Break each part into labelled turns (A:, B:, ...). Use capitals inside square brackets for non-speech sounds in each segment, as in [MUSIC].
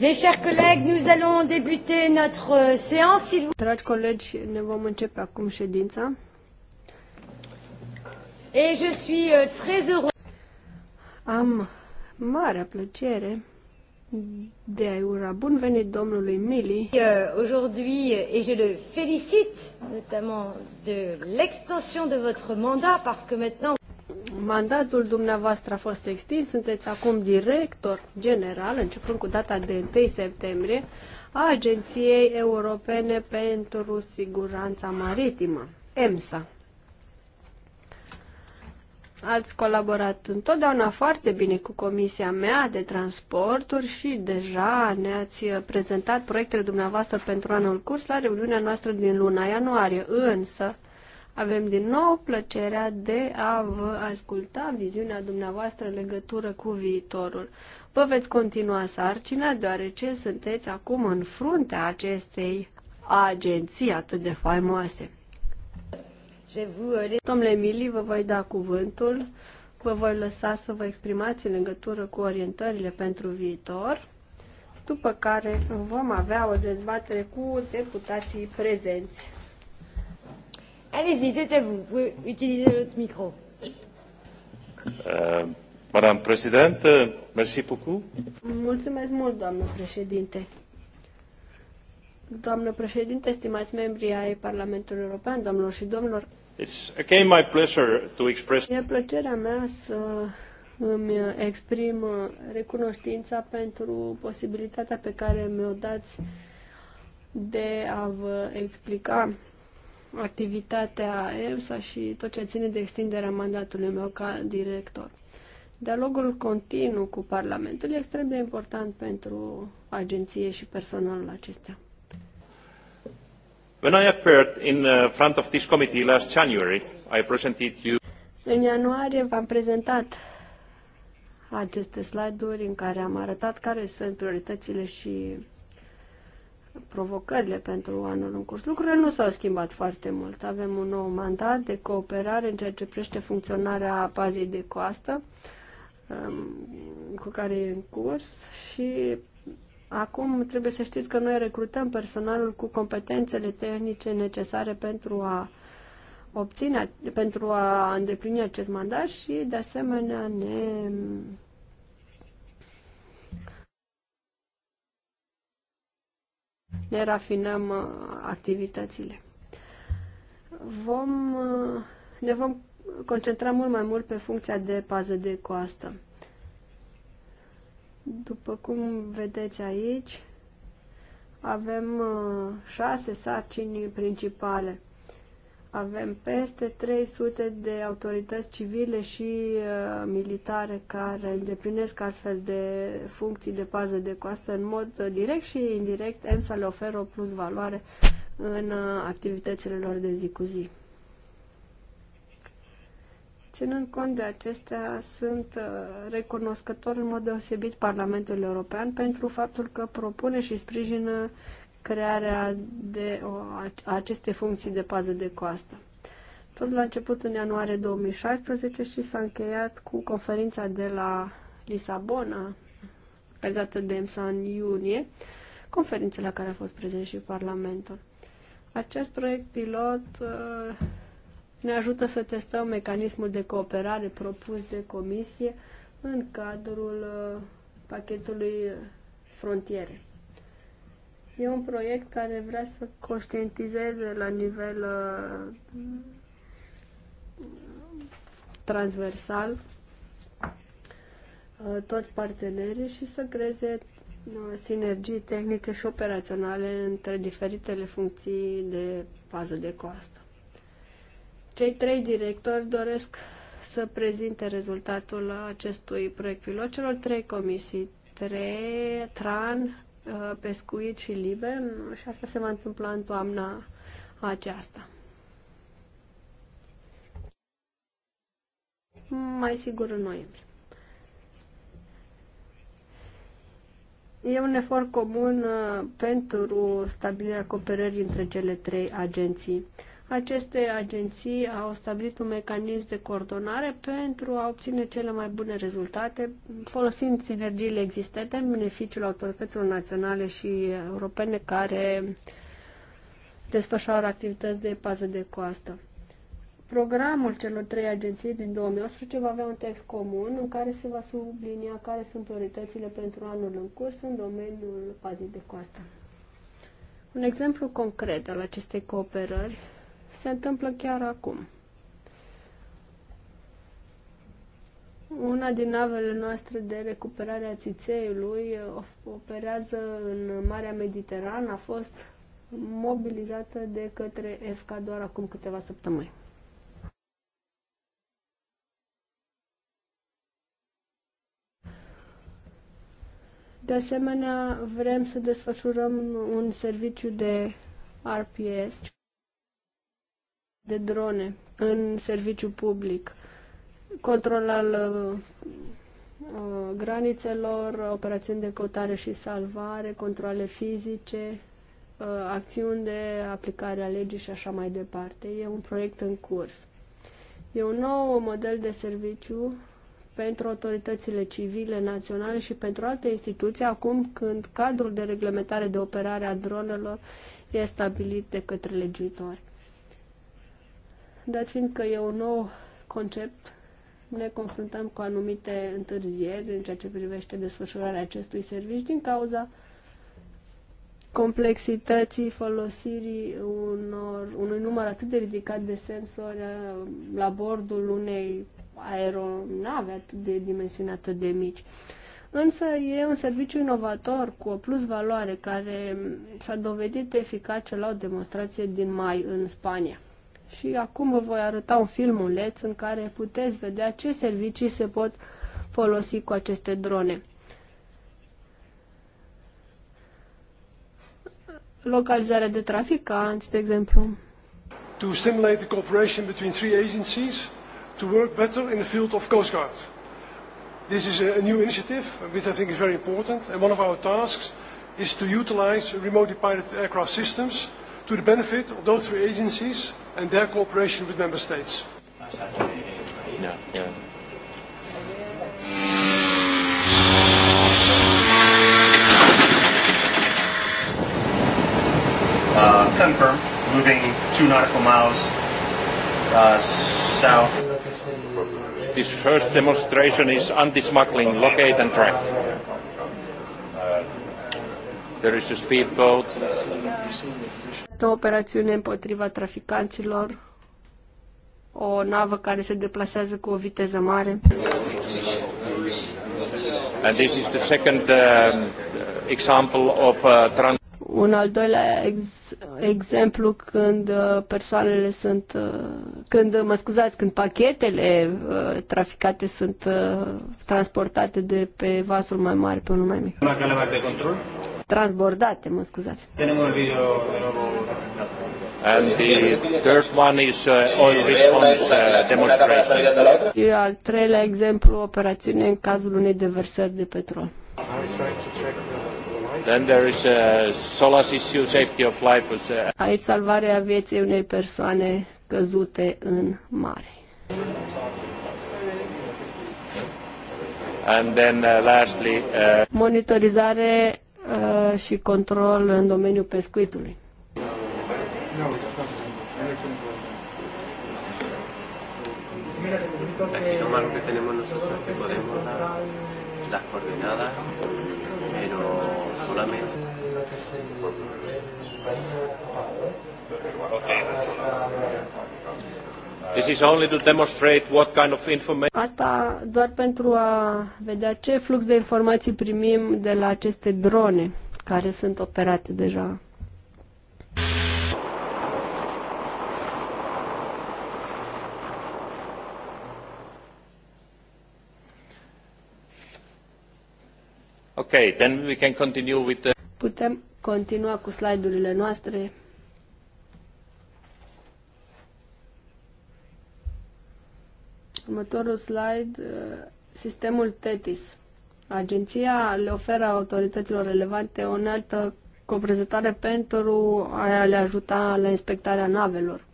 A: Mes chers collègues, nous allons débuter notre euh, séance. Dragi colegi, ne vom începe acum ședința. Et je suis euh, très heureux. Am mare plăcere de a ura bun venit domnului Mili. Euh, aujourd'hui, et je le félicite, notamment de l'extension de votre mandat, parce que maintenant... Mandatul dumneavoastră a fost extins, sunteți acum director general, începând cu data de 1 septembrie, a Agenției Europene pentru Siguranța Maritimă, EMSA. Ați colaborat întotdeauna foarte bine cu Comisia mea de transporturi și deja ne-ați prezentat proiectele dumneavoastră pentru anul curs la reuniunea noastră din luna ianuarie, însă avem din nou plăcerea de a vă asculta viziunea dumneavoastră în legătură cu viitorul. Vă veți continua sarcina deoarece sunteți acum în fruntea acestei agenții atât de faimoase. Euh, Domnule Emilii, vă voi da cuvântul, vă voi lăsa să vă exprimați în legătură cu orientările pentru viitor, după care vom avea o dezbatere cu deputații prezenți. Allez-y, c'est à vous. Vous pouvez utiliser l'autre micro.
B: Euh, Madame Președinte, euh, merci beaucoup.
A: Mulțumesc mult, doamnă președinte. Doamnă președinte, stimați membri ai Parlamentului European, doamnelor și domnilor.
B: It's again my pleasure to express...
A: E plăcerea mea să îmi exprim recunoștința pentru posibilitatea pe care mi-o dați de a vă explica activitatea EFSA și tot ce ține de extinderea mandatului meu ca director. Dialogul continuu cu Parlamentul e extrem de important pentru agenție și personalul acestea.
B: When I appeared in uh, front of this committee last January, I presented you
A: în ianuarie v-am prezentat aceste slide-uri în care am arătat care sunt prioritățile și provocările pentru anul în curs. Lucrurile nu s-au schimbat foarte mult. Avem un nou mandat de cooperare în ceea ce prește funcționarea pazei de coastă um, cu care e în curs și acum trebuie să știți că noi recrutăm personalul cu competențele tehnice necesare pentru a obține, pentru a îndeplini acest mandat și de asemenea ne ne rafinăm uh, activitățile. Vom, uh, ne vom concentra mult mai mult pe funcția de pază de coastă. După cum vedeți aici, avem uh, șase sarcini principale. Avem peste 300 de autorități civile și uh, militare care îndeplinesc astfel de funcții de pază de coastă în mod uh, direct și indirect. EMSA le oferă o plus valoare în uh, activitățile lor de zi cu zi. Ținând cont de acestea, sunt uh, recunoscător în mod deosebit Parlamentul European pentru faptul că propune și sprijină crearea de o, a acestei funcții de pază de coastă. Tot la început în ianuarie 2016 și s-a încheiat cu conferința de la Lisabona, prezată de EMSA în iunie, conferința la care a fost prezent și Parlamentul. Acest proiect pilot uh, ne ajută să testăm mecanismul de cooperare propus de comisie în cadrul uh, pachetului frontiere. E un proiect care vrea să conștientizeze la nivel uh, transversal uh, toți partenerii și să creeze uh, sinergii tehnice și operaționale între diferitele funcții de bază de coastă. Cei trei directori doresc să prezinte rezultatul acestui proiect pilot celor trei comisii, TRE, TRAN Uh, pescuit și liber și asta se va întâmpla în toamna aceasta. Mai sigur în noiembrie. E un efort comun uh, pentru stabilirea cooperării între cele trei agenții. Aceste agenții au stabilit un mecanism de coordonare pentru a obține cele mai bune rezultate, folosind sinergiile existente în beneficiul autorităților naționale și europene care desfășoară activități de pază de coastă. Programul celor trei agenții din 2018 va avea un text comun în care se va sublinia care sunt prioritățile pentru anul în curs în domeniul pazii de coastă. Un exemplu concret al acestei cooperări se întâmplă chiar acum. Una din navele noastre de recuperare a țițeiului uh, operează în Marea Mediterană, a fost mobilizată de către FK doar acum câteva săptămâni. De asemenea, vrem să desfășurăm un serviciu de RPS, de drone în serviciu public, control al uh, uh, granițelor, operațiuni de căutare și salvare, controle fizice, uh, acțiuni de aplicare a legii și așa mai departe. E un proiect în curs. E un nou model de serviciu pentru autoritățile civile naționale și pentru alte instituții, acum când cadrul de reglementare de operare a dronelor e stabilit de către legiuitori dat fiindcă e un nou concept, ne confruntăm cu anumite întârzieri în ceea ce privește desfășurarea acestui serviciu din cauza complexității folosirii unor, unui număr atât de ridicat de sensori uh, la bordul unei aeronave atât de dimensiuni atât de mici. Însă e un serviciu inovator cu o plus valoare care s-a dovedit eficace la o demonstrație din mai în Spania și acum vă voi arăta un filmuleț în care puteți vedea ce servicii se pot folosi cu aceste drone. Localizarea de traficanți, de exemplu. To stimulate the cooperation between three agencies to work better in the field of Coast Guard. This is a new initiative which I think is very important and one of our tasks is to utilize remotely piloted aircraft systems to the benefit of those three agencies and their cooperation with member states. No, yeah. Uh, confirm, moving two nautical miles uh, south.
B: This first demonstration is anti-smuggling, locate and track. There is a speedboat
A: armată, o operațiune împotriva traficanților, o navă care se deplasează cu o viteză mare.
B: And this is the second uh, example of uh, trans
A: un al doilea ex- exemplu când uh, persoanele sunt, uh, când, mă scuzați, când pachetele uh, traficate sunt transportate de pe vasul mai mare pe unul mai mic.
B: La calea de control?
A: transbordate, mă scuzați.
B: Uh, And the third one is uh, oil response uh, demonstration.
A: E al treilea exemplu, operațiune în cazul unei deversări de petrol.
B: Then there is a uh, solace issue, safety of life. Was, uh...
A: Aici salvarea vieții unei persoane căzute în mare.
B: And then, uh, lastly, uh...
A: Monitorizare Uh, și control în domeniul pescuitului.
B: Aquí lo que tenemos nosotros es que podemos dar las coordenadas,
A: pero solamente. This is
B: only to demonstrate what
A: kind of information. Asta doar pentru a vedea ce flux de informații primim de la aceste drone care sunt operate deja.
B: Okay, then we can continue with the...
A: Putem continua cu slide-urile noastre. Următorul slide, uh, sistemul TETIS. Agenția le oferă autorităților relevante o înaltă coprezentare pentru a le ajuta la inspectarea navelor.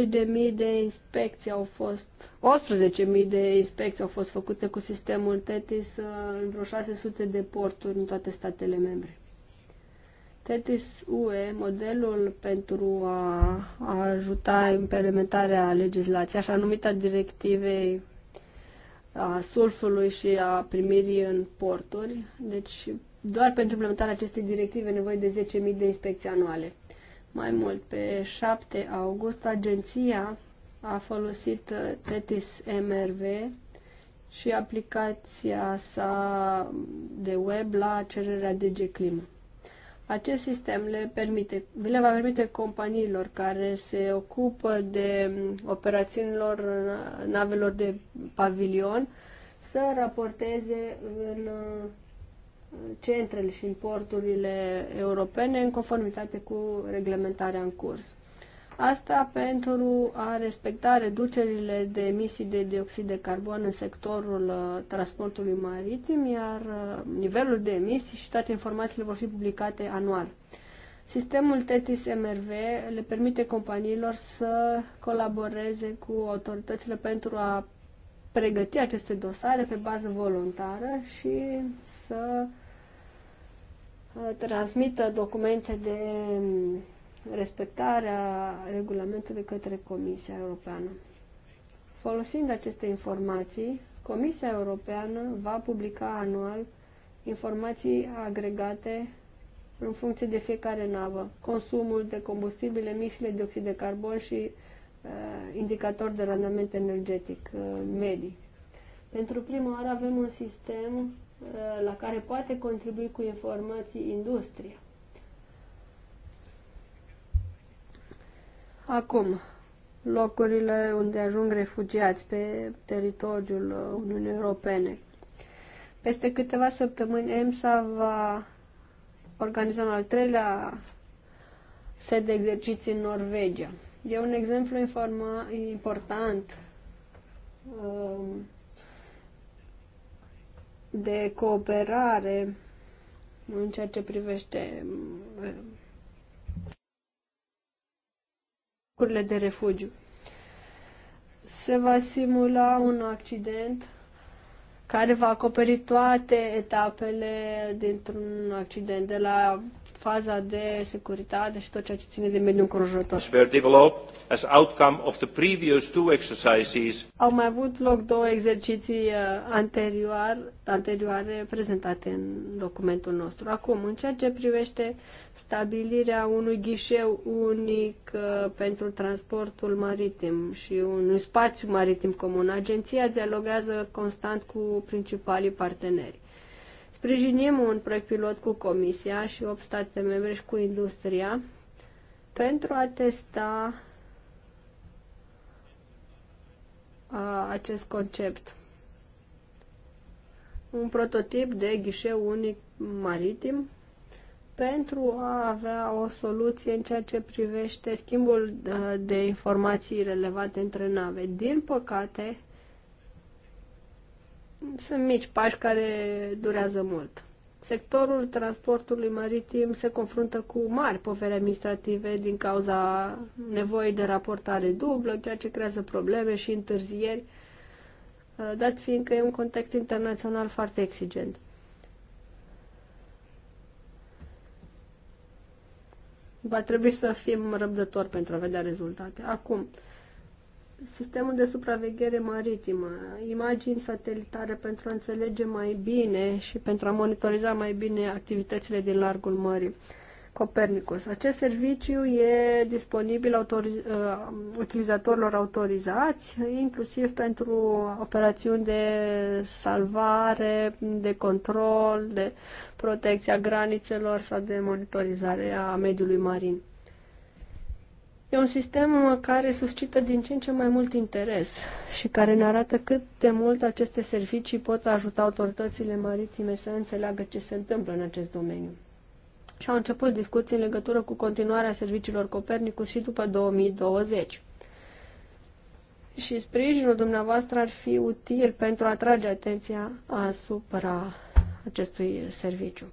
A: 80.000 de inspecții au fost, 18.000 de inspecții au fost făcute cu sistemul TETIS uh, în vreo 600 de porturi în toate statele membre. TETIS UE, modelul pentru a, ajuta implementarea legislației, așa numită directivei a sulfului și a primirii în porturi. Deci, doar pentru implementarea acestei directive nevoie de 10.000 de inspecții anuale. Mai mult, pe 7 august, agenția a folosit TETIS MRV și aplicația sa de web la cererea DG Climă. Acest sistem le, permite, le va permite companiilor care se ocupă de operațiunilor navelor de pavilion să raporteze în centrele și în porturile europene în conformitate cu reglementarea în curs. Asta pentru a respecta reducerile de emisii de dioxid de carbon în sectorul uh, transportului maritim, iar uh, nivelul de emisii și toate informațiile vor fi publicate anual. Sistemul TETIS MRV le permite companiilor să colaboreze cu autoritățile pentru a pregăti aceste dosare pe bază voluntară și să uh, transmită documente de respectarea regulamentului către Comisia Europeană. Folosind aceste informații, Comisia Europeană va publica anual informații agregate în funcție de fiecare navă, consumul de combustibil, emisiile de oxid de carbon și uh, indicator de randament energetic uh, medii. Pentru prima oară avem un sistem uh, la care poate contribui cu informații industria. Acum, locurile unde ajung refugiați pe teritoriul uh, Uniunii Europene. Peste câteva săptămâni, EMSA va organiza un al treilea set de exerciții în Norvegia. E un exemplu informa, important um, de cooperare în ceea ce privește um, locurile de refugiu. Se va simula un accident care va acoperi toate etapele dintr-un accident, de la faza de securitate și tot ceea ce ține de mediul înconjurător.
B: as outcome of the previous two exercises.
A: Au mai avut loc două exerciții uh, anterior, anterioare prezentate în documentul nostru. Acum, în ceea ce privește stabilirea unui ghișeu unic uh, pentru transportul maritim și un spațiu maritim comun, agenția dialogează constant cu principalii parteneri Sprijinim un proiect pilot cu Comisia și 8 state membre și cu industria pentru a testa acest concept. Un prototip de ghișeu unic maritim pentru a avea o soluție în ceea ce privește schimbul de informații relevante între nave. Din păcate, sunt mici pași care durează mult. Sectorul transportului maritim se confruntă cu mari poveri administrative din cauza nevoii de raportare dublă, ceea ce creează probleme și întârzieri, uh, dat fiindcă e un context internațional foarte exigent. Va trebui să fim răbdători pentru a vedea rezultate. Acum, sistemul de supraveghere maritimă, imagini satelitare pentru a înțelege mai bine și pentru a monitoriza mai bine activitățile din largul mării. Copernicus. Acest serviciu e disponibil autoriz- uh, utilizatorilor autorizați, inclusiv pentru operațiuni de salvare, de control, de protecția granițelor sau de monitorizare a mediului marin. E un sistem care suscită din ce în ce mai mult interes și care ne arată cât de mult aceste servicii pot ajuta autoritățile maritime să înțeleagă ce se întâmplă în acest domeniu. Și au început discuții în legătură cu continuarea serviciilor Copernicus și după 2020. Și sprijinul dumneavoastră ar fi util pentru a atrage atenția asupra acestui serviciu.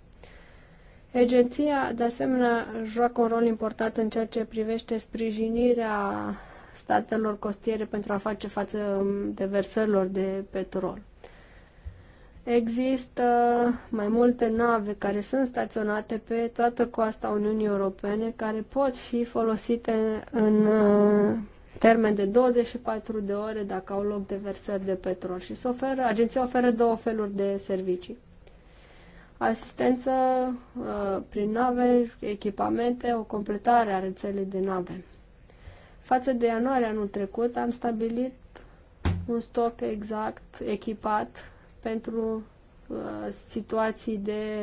A: Agenția, de asemenea, joacă un rol important în ceea ce privește sprijinirea statelor costiere pentru a face față deversărilor de petrol. Există mai multe nave care sunt staționate pe toată coasta Uniunii Europene care pot fi folosite în uh, termen de 24 de ore dacă au loc deversări de petrol și se oferă, agenția oferă două feluri de servicii asistență uh, prin nave, echipamente, o completare a rețelei de nave. Față de ianuarie anul trecut am stabilit un stoc exact echipat pentru uh, situații de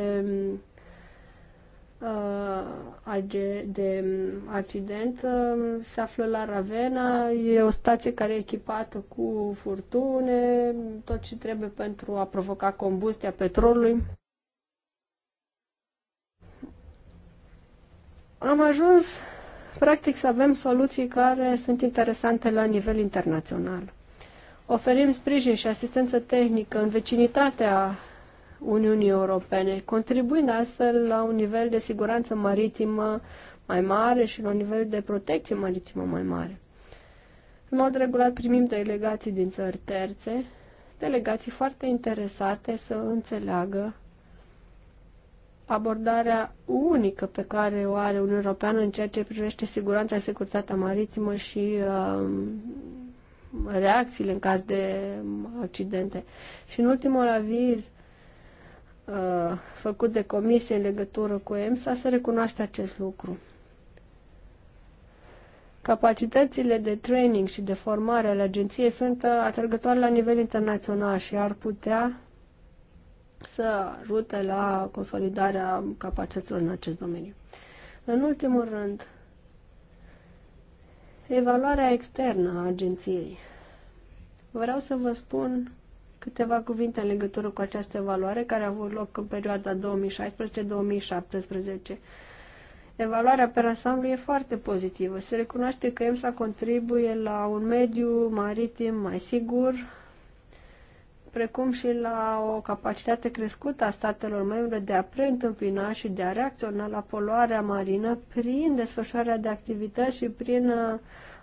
A: uh, de um, accident uh, se află la Ravena, e o stație care e echipată cu furtune, tot ce trebuie pentru a provoca combustia petrolului. am ajuns practic să avem soluții care sunt interesante la nivel internațional. Oferim sprijin și asistență tehnică în vecinitatea Uniunii Europene, contribuind astfel la un nivel de siguranță maritimă mai mare și la un nivel de protecție maritimă mai mare. În mod regulat primim delegații din țări terțe, delegații foarte interesate să înțeleagă abordarea unică pe care o are Uniunea Europeană în ceea ce privește siguranța și securitatea maritimă și uh, reacțiile în caz de accidente. Și în ultimul aviz uh, făcut de comisie în legătură cu EMSA se recunoaște acest lucru. Capacitățile de training și de formare ale agenției sunt uh, atrăgătoare la nivel internațional și ar putea să ajute la consolidarea capacităților în acest domeniu. În ultimul rând, evaluarea externă a agenției. Vreau să vă spun câteva cuvinte în legătură cu această evaluare care a avut loc în perioada 2016-2017. Evaluarea pe ansamblu e foarte pozitivă. Se recunoaște că EMSA contribuie la un mediu maritim mai sigur, precum și la o capacitate crescută a statelor membre de a preîntâmpina și de a reacționa la poluarea marină prin desfășurarea de activități și prin uh,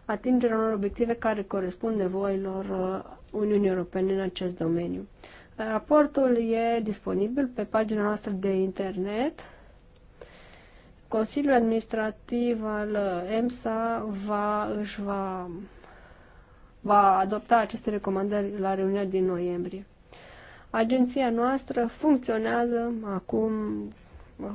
A: atingerea unor obiective care corespund nevoilor uh, Uniunii Europene în acest domeniu. Raportul e disponibil pe pagina noastră de internet. Consiliul Administrativ al uh, EMSA va, își va va adopta aceste recomandări la reuniunea din noiembrie. Agenția noastră funcționează acum uh,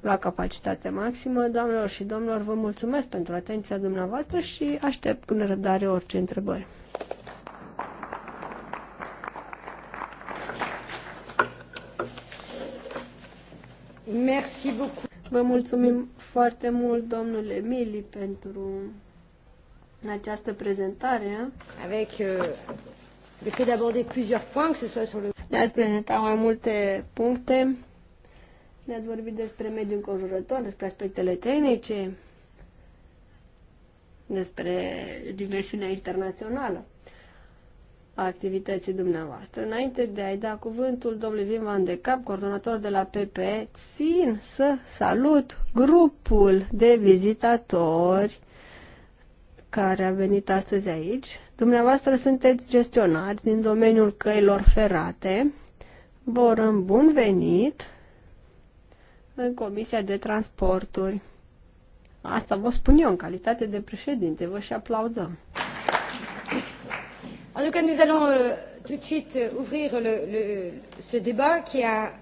A: la capacitate maximă. Doamnelor și domnilor, vă mulțumesc pentru atenția dumneavoastră și aștept cu nerăbdare orice întrebări. Merci beaucoup. Vă mulțumim foarte mult, domnule Mili, pentru în această prezentare. Avec, euh, le fait d'aborder plusieurs points, que ce soit sur le... Ne-ați prezentat mai multe puncte, ne-ați vorbit despre mediul înconjurător, despre aspectele tehnice, despre dimensiunea internațională a activității dumneavoastră. Înainte de a-i da cuvântul domnului Vin Van de Cap, coordonator de la PPE, țin să salut grupul de vizitatori care a venit astăzi aici. Dumneavoastră sunteți gestionari din domeniul căilor ferate. Vă urăm bun venit în Comisia de Transporturi. Asta vă spun eu în calitate de președinte. Vă și aplaudăm. En tout cas, nous allons euh, tout de suite euh, ouvrir le, le, ce débat qui, a,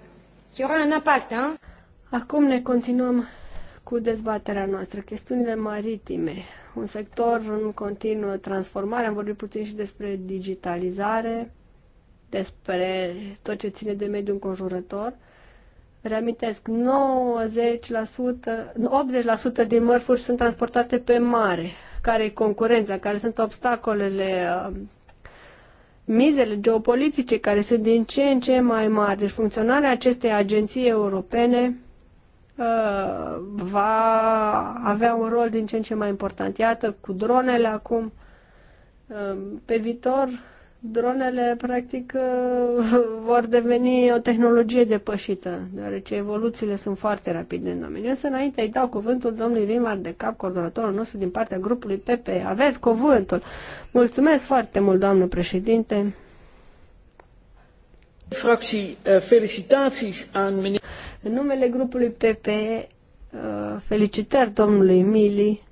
A: qui aura un impact. Hein? Acum ne continuăm cu dezbaterea noastră. Chestiunile maritime, un sector în continuă transformare, am vorbit puțin și despre digitalizare, despre tot ce ține de mediul înconjurător. Reamintesc, 90%, 80% din mărfuri sunt transportate pe mare. Care e concurența? Care sunt obstacolele? Uh, mizele geopolitice care sunt din ce în ce mai mari. Deci funcționarea acestei agenții europene Uh, va avea un rol din ce în ce mai important. Iată, cu dronele acum, uh, pe viitor, dronele practic uh, [LAUGHS] vor deveni o tehnologie depășită, deoarece evoluțiile sunt foarte rapide în domeniu. Însă înainte îi dau cuvântul domnului Rimar de cap, coordonatorul nostru din partea grupului PP. Aveți cuvântul. Mulțumesc foarte mult, doamnă președinte. Fracții, felicitații an în numele grupului PPE, uh, felicitări domnului Mili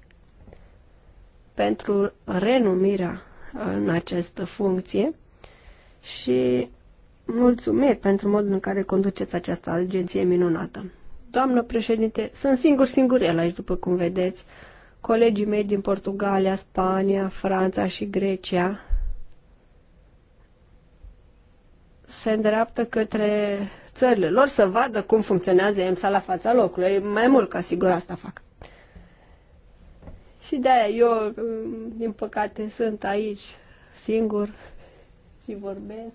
A: pentru renumirea în această funcție și mulțumiri pentru modul în care conduceți această agenție minunată. Doamnă președinte, sunt singur singur el aici, după cum vedeți. Colegii mei din Portugalia, Spania, Franța și Grecia se îndreaptă către țările lor să vadă cum funcționează EMSA la fața locului. Mai mult ca sigur asta fac. Și de-aia eu, mm, din păcate, sunt aici singur și vorbesc.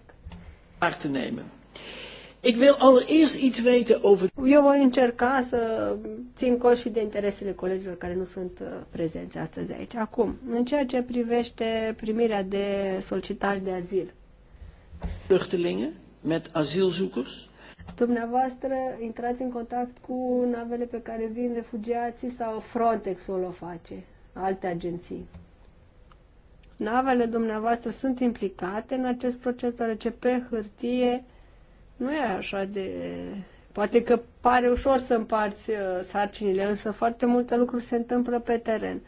A: Eu voi încerca să țin cont și de interesele colegilor care nu sunt uh, prezenți astăzi aici. Acum, în ceea ce privește primirea de solicitari de azil. Vluchtelingen met asielzoekers? Dumneavoastră intrați în contact cu navele pe care vin refugiații sau Frontex-ul o face, alte agenții. Navele dumneavoastră sunt implicate în acest proces, deoarece pe hârtie nu e așa de... Poate că pare ușor să împarți uh, sarcinile, însă foarte multe lucruri se întâmplă pe teren.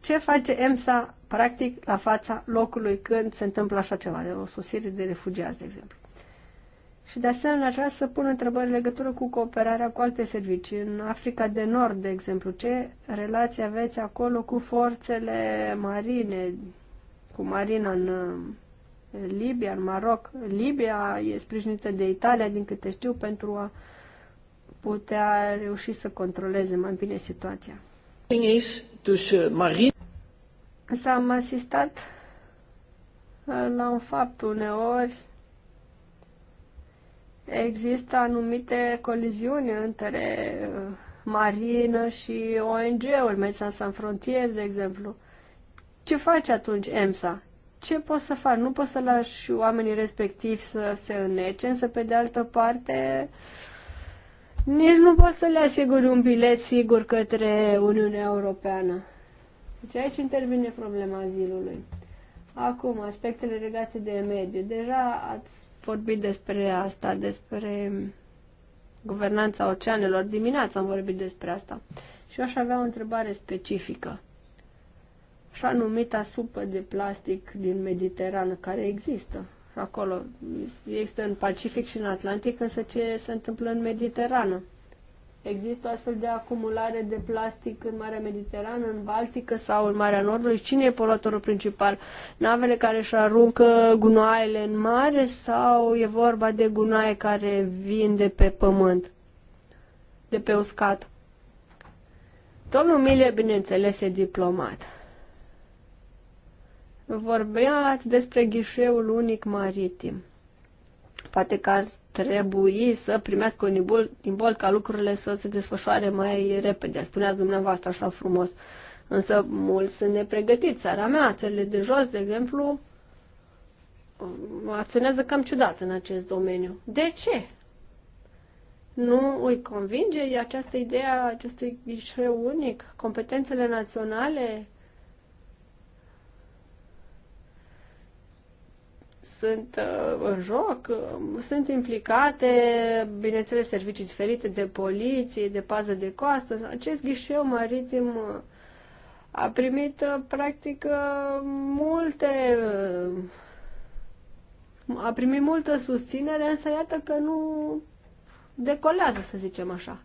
A: Ce face EMSA, practic, la fața locului când se întâmplă așa ceva, de o sosire de refugiați, de exemplu? Și de asemenea aș vrea să pun întrebări în legătură cu cooperarea cu alte servicii. În Africa de Nord, de exemplu, ce relații aveți acolo cu forțele marine, cu marina în Libia, în Maroc? Libia e sprijinită de Italia, din câte știu, pentru a putea reuși să controleze mai bine situația. Însă am asistat uh, la un fapt uneori există anumite coliziuni între uh, marină și ONG-uri, Medecins Sans Frontières, de exemplu. Ce face atunci, EMSA? Ce poți să faci? Nu poți să lași oamenii respectivi să se înnece, însă pe de altă parte nici nu poți să le asiguri un bilet sigur către Uniunea Europeană. Deci aici intervine problema azilului. Acum, aspectele legate de mediu. Deja ați vorbit despre asta, despre guvernanța oceanelor. Dimineața am vorbit despre asta. Și eu aș avea o întrebare specifică. Așa numita supă de plastic din Mediterană care există acolo. Există în Pacific și în Atlantic, însă ce se întâmplă în Mediterană? Există astfel de acumulare de plastic în Marea Mediterană, în Baltică sau în Marea Nordului? Cine e poluatorul principal? Navele care își aruncă gunoaiele în mare sau e vorba de gunoaie care vin de pe pământ, de pe uscat? Domnul Mile, bineînțeles, e diplomat. Vorbeați despre ghișeul unic maritim. Poate că ar trebui să primească un imbol, imbold ca lucrurile să se desfășoare mai repede. Spuneați dumneavoastră așa frumos. Însă mulți sunt nepregătiți. Țara mea, țările de jos, de exemplu, acționează cam ciudat în acest domeniu. De ce? Nu îi convinge această idee a acestui ghișeu unic? Competențele naționale sunt uh, în joc, um, sunt implicate, bineînțeles, servicii diferite de poliție, de pază de coastă. Acest ghișeu maritim uh, a primit, uh, practic, multe a primit multă susținere, însă iată că nu decolează, să zicem așa.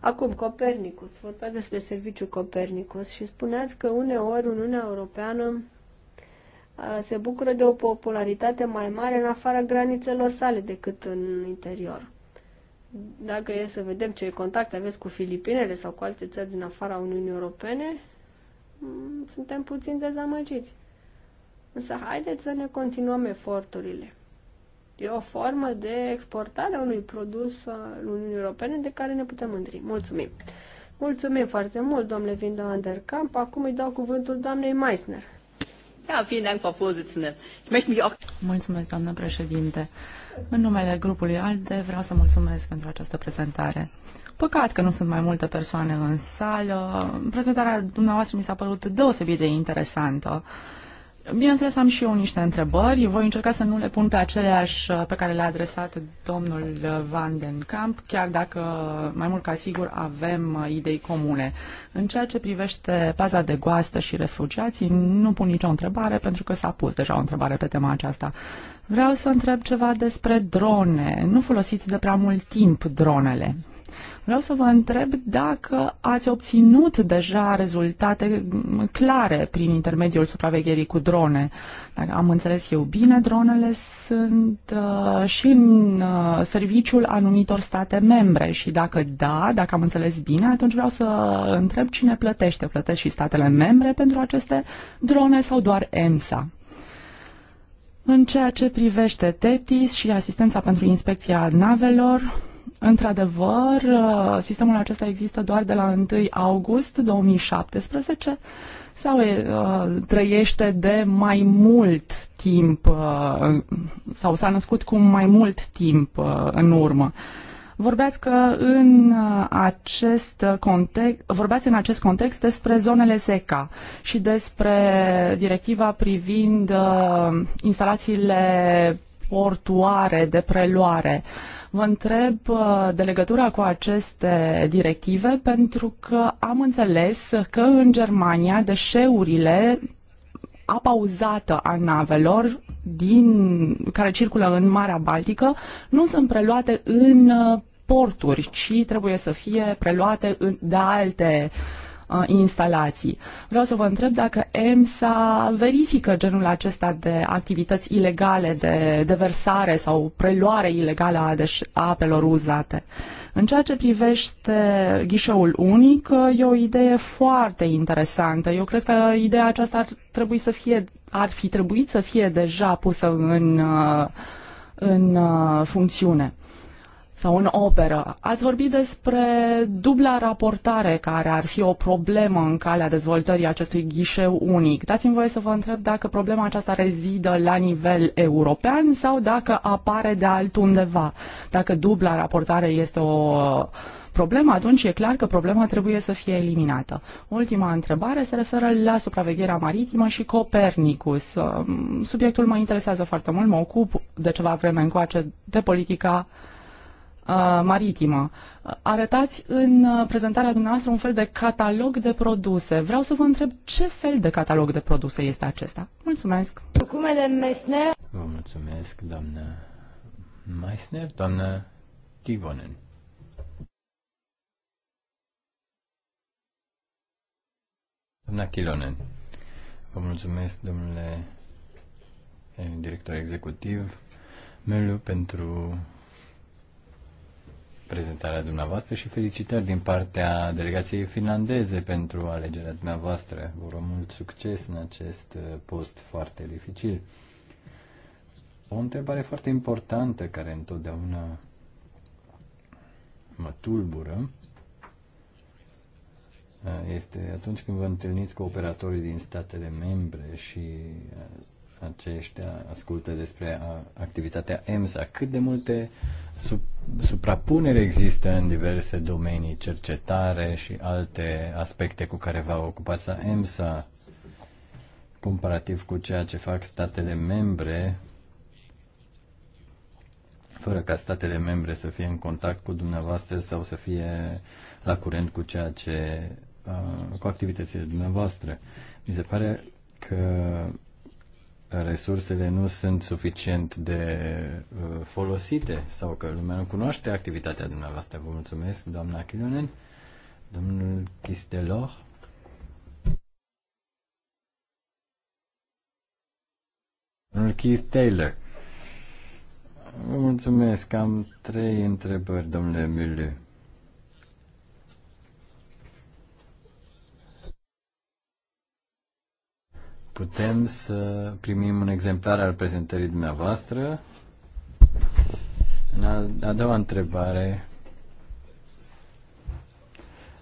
A: Acum, Copernicus, vorbeați despre serviciul Copernicus și spuneați că uneori Uniunea Europeană se bucură de o popularitate mai mare în afara granițelor sale decât în interior. Dacă e să vedem ce contacte aveți cu Filipinele sau cu alte țări din afara Uniunii Europene, mm, suntem puțin dezamăgiți. Însă haideți să ne continuăm eforturile. E o formă de exportare a unui produs al Uniunii Europene de care ne putem mândri. Mulțumim! Mulțumim foarte mult, domnule Vindo Andercamp. Acum îi dau cuvântul doamnei Meissner.
C: Da, vielen Dank, Frau Vorsitzende. Ich möchte mich auch... Mulțumesc, doamnă președinte. În numele grupului ALDE vreau să mulțumesc pentru această prezentare. Păcat că nu sunt mai multe persoane în sală. Prezentarea dumneavoastră mi s-a părut deosebit de interesantă. Uh, Bineînțeles, am și eu niște întrebări. Voi încerca să nu le pun pe aceleași uh, pe care le-a adresat domnul uh, Van den Kamp, chiar dacă, uh, mai mult ca sigur, avem idei comune. În ceea ce privește paza de goastă și refugiații, nu pun nicio întrebare, pentru că s-a pus deja o întrebare pe tema aceasta. Vreau să întreb ceva despre drone. Nu folosiți de prea mult timp dronele. Vreau să vă întreb dacă ați obținut deja rezultate clare prin intermediul supravegherii cu drone. Dacă am înțeles eu bine, dronele sunt uh, și în uh, serviciul anumitor state membre și dacă da, dacă am înțeles bine, atunci vreau să întreb cine plătește. Plătesc și statele membre pentru aceste drone sau doar EMSA? În ceea ce privește TETIS și asistența pentru inspecția navelor, Într-adevăr, uh, sistemul acesta există doar de la 1 august 2017 sau e, uh, trăiește de mai mult timp uh, sau s-a născut cu mai mult timp în urmă. Vorbeați că în acest context, vorbeați în acest context despre zonele SECA și despre directiva privind instalațiile portuare de preluare. Vă întreb uh, de legătura cu aceste directive pentru că am înțeles că în Germania deșeurile apa uzată a navelor din, care circulă în Marea Baltică nu sunt preluate în uh, porturi, ci trebuie să fie preluate de alte uh, Uh, instalații. Vreau să vă întreb dacă EMSA verifică genul acesta de activități ilegale de deversare sau preluare ilegală a, a apelor uzate. În ceea ce privește ghișeul unic, e o idee foarte interesantă. Eu cred că ideea aceasta ar, trebui să fie, ar fi trebuit să fie deja pusă în, uh, în uh, funcțiune sau în operă. Ați vorbit despre dubla raportare care ar fi o problemă în calea dezvoltării acestui ghișeu unic. Dați-mi voie să vă întreb dacă problema aceasta rezidă la nivel european sau dacă apare de altundeva. Dacă dubla raportare este o problemă, atunci e clar că problema trebuie să fie eliminată. Ultima întrebare se referă la supravegherea maritimă și Copernicus. Ehm, subiectul mă interesează foarte mult, mă ocup de ceva vreme încoace de politica Uh, maritimă. Arătați în uh, prezentarea dumneavoastră un fel de catalog de produse. Vreau să vă întreb ce fel de catalog de produse este acesta. Mulțumesc!
B: Vă mulțumesc, doamnă Meissner, doamnă Tivonen. Doamna Chilonen, vă mulțumesc, domnule director executiv Melu, pentru prezentarea dumneavoastră și felicitări din partea delegației finlandeze pentru alegerea dumneavoastră. Vă rog mult succes în acest uh, post foarte dificil. O întrebare foarte importantă care întotdeauna mă tulbură uh, este atunci când vă întâlniți cu operatorii din statele membre și uh, aceștia ascultă despre activitatea EMSA. Cât de multe suprapuneri există în diverse domenii, cercetare și alte aspecte cu care va ocupați EMSA, comparativ cu ceea ce fac statele membre, fără ca statele membre să fie în contact cu dumneavoastră sau să fie la curent cu ceea ce cu activitățile dumneavoastră. Mi se pare că resursele nu sunt suficient de uh, folosite sau că lumea nu cunoaște activitatea dumneavoastră. Vă mulțumesc, doamna Chilunen, domnul Chisteloh. Domnul Keith Taylor. Vă mulțumesc. Am trei întrebări, domnule Müller. putem să primim un exemplar al prezentării dumneavoastră. În a, a doua întrebare,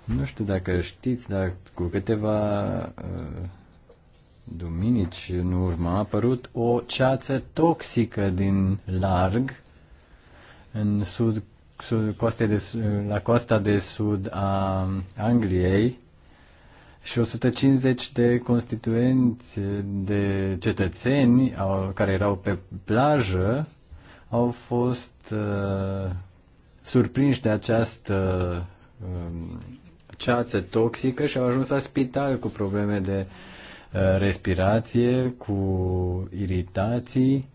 B: nu știu dacă știți, dar cu câteva uh, duminici în urmă a apărut o ceață toxică din larg în sud, sud coste de, la coasta de sud a Angliei și 150 de constituenți, de cetățeni au, care erau pe plajă, au fost uh, surprinși de această uh, ceață toxică și au ajuns la spital cu probleme de uh, respirație, cu iritații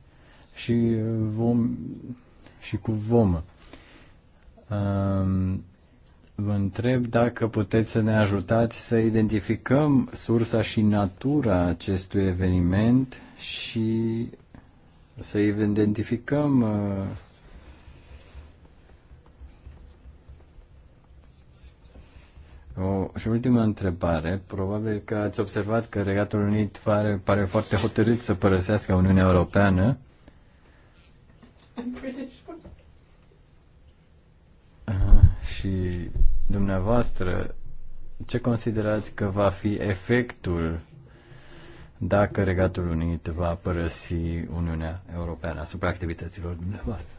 B: și vom și cu vomă. Um, vă întreb dacă puteți să ne ajutați să identificăm sursa și natura acestui eveniment și să identificăm uh, O, și ultima întrebare. Probabil că ați observat că Regatul Unit pare, pare foarte hotărât să părăsească Uniunea Europeană. și dumneavoastră, ce considerați că va fi efectul dacă Regatul Unit va părăsi Uniunea Europeană asupra activităților dumneavoastră?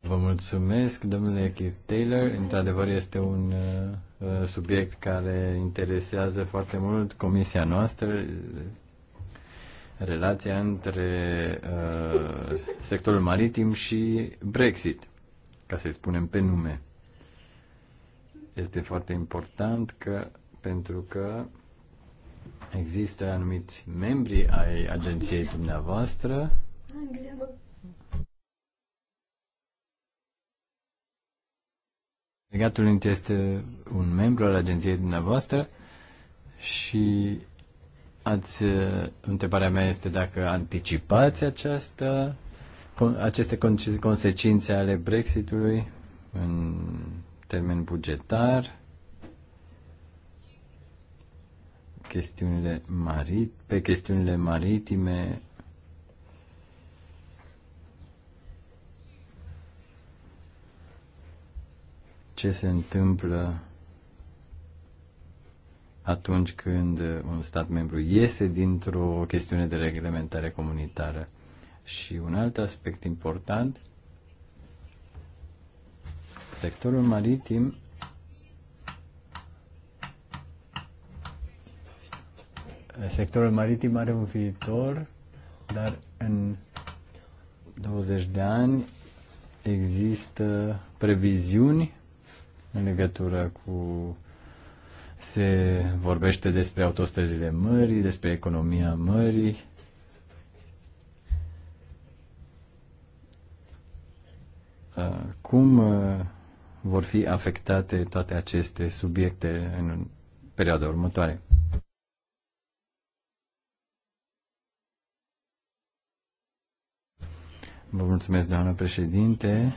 B: Vă mulțumesc, domnule Keith Taylor. Într-adevăr, este un uh, subiect care interesează foarte mult comisia noastră relația între uh, sectorul maritim și Brexit, ca să-i spunem pe nume. Este foarte important că, pentru că există anumiți membri ai agenției dumneavoastră Legatul este un membru al agenției dumneavoastră și Ați, uh, întrebarea mea este dacă anticipați această, aceste consecințe ale Brexitului în termen bugetar, chestiunile mari, pe chestiunile maritime, ce se întâmplă atunci când un stat membru iese dintr-o chestiune de reglementare comunitară. Și un alt aspect important, sectorul maritim sectorul maritim are un viitor, dar în 20 de ani există previziuni în legătură cu se vorbește despre autostrăzile mării, despre economia mării. Cum vor fi afectate toate aceste subiecte în perioada următoare? Vă mulțumesc, doamnă președinte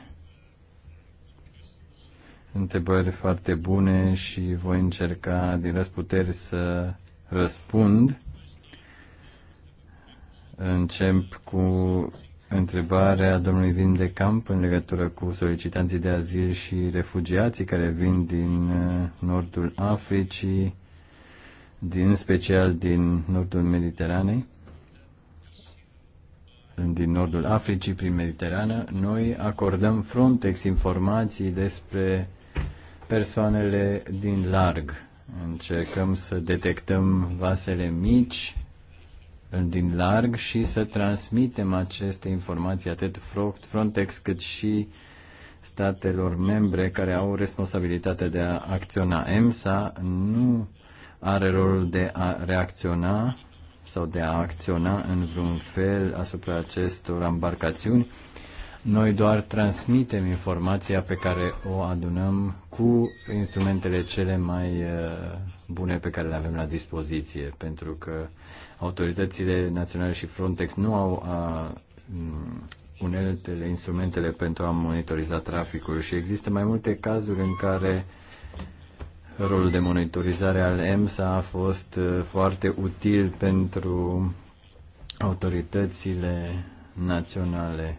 B: întrebări foarte bune și voi încerca din răsputeri să răspund. Încep cu întrebarea domnului Vin de Camp în legătură cu solicitanții de azil și refugiații care vin din uh, nordul Africii, din special din nordul Mediteranei din nordul Africii prin Mediterană, noi acordăm Frontex informații despre persoanele din larg. Încercăm să detectăm vasele mici din larg și să transmitem aceste informații atât Frontex cât și statelor membre care au responsabilitatea de a acționa. EMSA nu are rolul de a reacționa sau de a acționa în vreun fel asupra acestor embarcațiuni, noi doar transmitem informația pe care o adunăm cu instrumentele cele mai uh, bune pe care le avem la dispoziție, pentru că autoritățile naționale și Frontex nu au a, uh, mm, uneltele, instrumentele pentru a monitoriza traficul și există mai multe cazuri în care rolul de monitorizare al EMSA a fost uh, foarte util pentru autoritățile naționale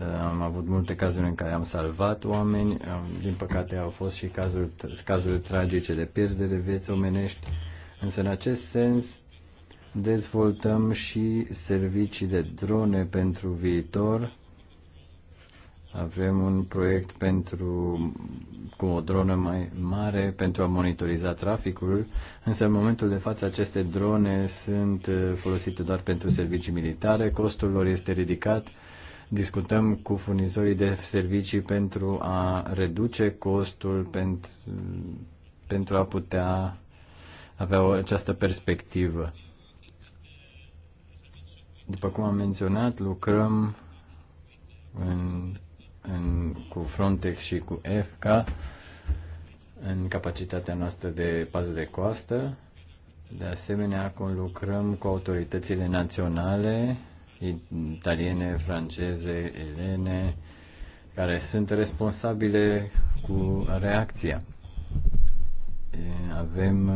B: Eh, am avut multe cazuri în care am salvat oameni, eh, din păcate au fost și cazuri, cazuri tragice de pierdere de vieți omenești, însă în acest sens dezvoltăm și servicii de drone pentru viitor. Avem un proiect pentru, cu o dronă mai mare pentru a monitoriza traficul, însă în momentul de față aceste drone sunt eh, folosite doar pentru servicii militare, costul lor este ridicat discutăm cu furnizorii de servicii pentru a reduce costul, pentru, pentru a putea avea o, această perspectivă. După cum am menționat, lucrăm în, în, cu Frontex și cu EFCA în capacitatea noastră de pază de coastă. De asemenea, acum lucrăm cu autoritățile naționale italiene, franceze, elene, care sunt responsabile cu reacția. Avem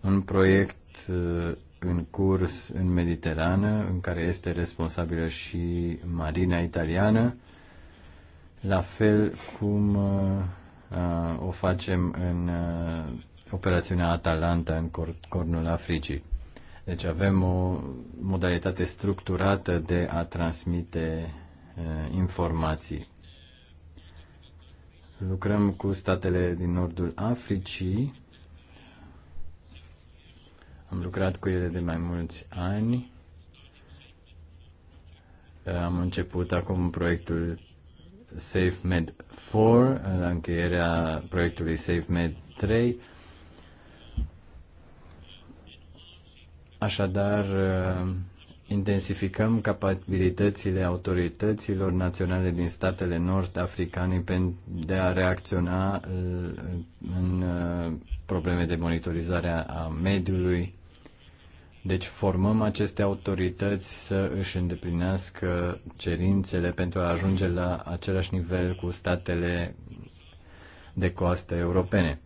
B: un proiect în curs în Mediterană, în care este responsabilă și Marina Italiană, la fel cum o facem în operațiunea Atalanta în cornul Africii. Deci avem o modalitate structurată de a transmite uh, informații. Lucrăm cu statele din nordul Africii. Am lucrat cu ele de mai mulți ani. Am început acum proiectul SafeMed 4, la încheierea proiectului SafeMed 3 Așadar, uh, intensificăm capabilitățile autorităților naționale din statele nord-africane de a reacționa uh, în uh, probleme de monitorizare a mediului. Deci formăm aceste autorități să își îndeplinească cerințele pentru a ajunge la același nivel cu statele de coastă europene.